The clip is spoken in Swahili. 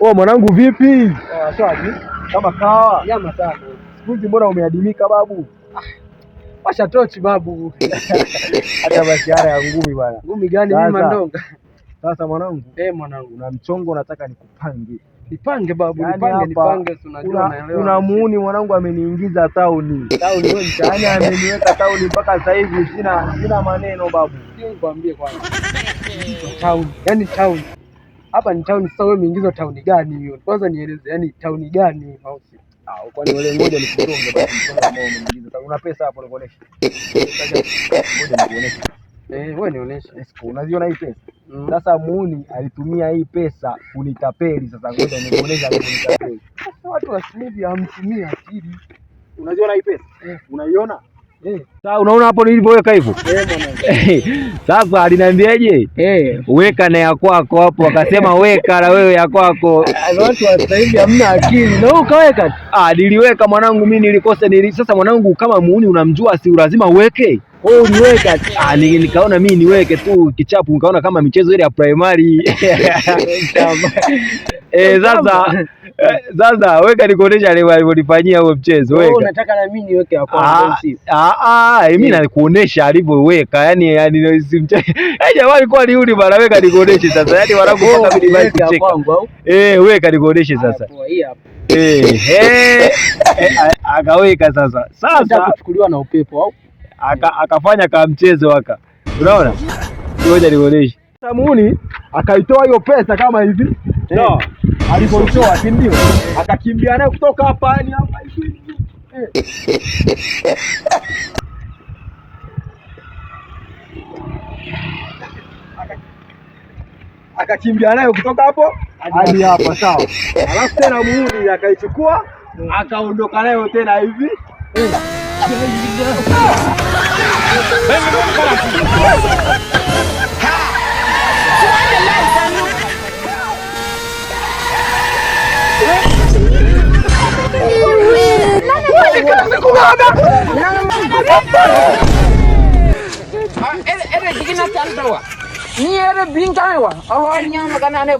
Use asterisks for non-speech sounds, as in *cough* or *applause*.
Oh, mwanangu vipi? Ah, shwaji. Kama kawa. Nyama sana. Siku hizi mbona umeadimika babu? Ah, washa tochi babu. *laughs* Hata mashara ya ngumi bwana. Ngumi gani mimi mandonga? Sasa mwanangu. Eh, mwanangu na mchongo nataka nikupange. Nipange babu, yani nipange, nipange, tunajua naelewa. Kuna muuni mwanangu ameniingiza tauni. Tauni wewe mtaani ameniweka tauni mpaka sasa hivi sina sina maneno babu. Nikwambie kwanza. Tauni, yani tauni hapa ni town. Sasa wewe umeingiza town gani hiyo? Kwanza nieleze, yani town gani Mausi? Ah, kwa nini wale mmoja ni kutonga basi. Una pesa hapo nikuoneshe. Ngoja nikuoneshe. Eh, wewe nionyeshe. Eh, unaziona hii pesa? Mm. Sasa muuni alitumia hii pesa kunitapeli. Sasa ngoja nikuoneshe alivyonitapeli. Sasa watu wasilivi hamtumii akili. Unaziona hii pesa? Eh. Unaiona? Eh, sasa unaona hapo nilivyoweka hivyo eh, eh, sasa, aliniambiaje? Weka na ya kwako hapo, akasema weka na wewe ya kwako. Ah, watu wa sasa hivi hamna akili, na wewe ukaweka. Ah, niliweka mwanangu, mimi nilikosa nili. Sasa mwanangu, kama muuni unamjua, si lazima uweke wewe uniweka. Ah, nikaona mimi niweke tu kichapu, nikaona kama michezo ile ya primary *laughs* Eh, eh, sasa sasa weka nikuonesha leo alivyonifanyia huo mchezo wewe. Wewe unataka na mimi niweke hapo hapo sisi. Ah ah, eh, mimi eh. nalikuonesha alivyoweka. Yaani yaani si mchezo. *laughs* Eh, jamaa alikuwa aliudi bana weka nikuoneshe sasa. Yaani *laughs* wanangu mpaka mimi basi kucheka. Eh, weka nikuoneshe sasa. Eh, eh akaweka sasa. Sasa kuchukuliwa na upepo au? Aka akafanya kama mchezo aka. Unaona? Ngoja nikuoneshe. Samuni akaitoa hiyo pesa kama hivi no. Alipochoa si ndio? Akakimbia naye kutoka hapa yani hapa hivi. Akakimbia naye kutoka hapo hadi hapa sawa. Alafu tena muhuri akaichukua akaondoka nayo tena hivi. એને એને જીગી ના ચાલતા હોય ની એને બિન ચાલે હોય હવે અહીંયા મકાન આને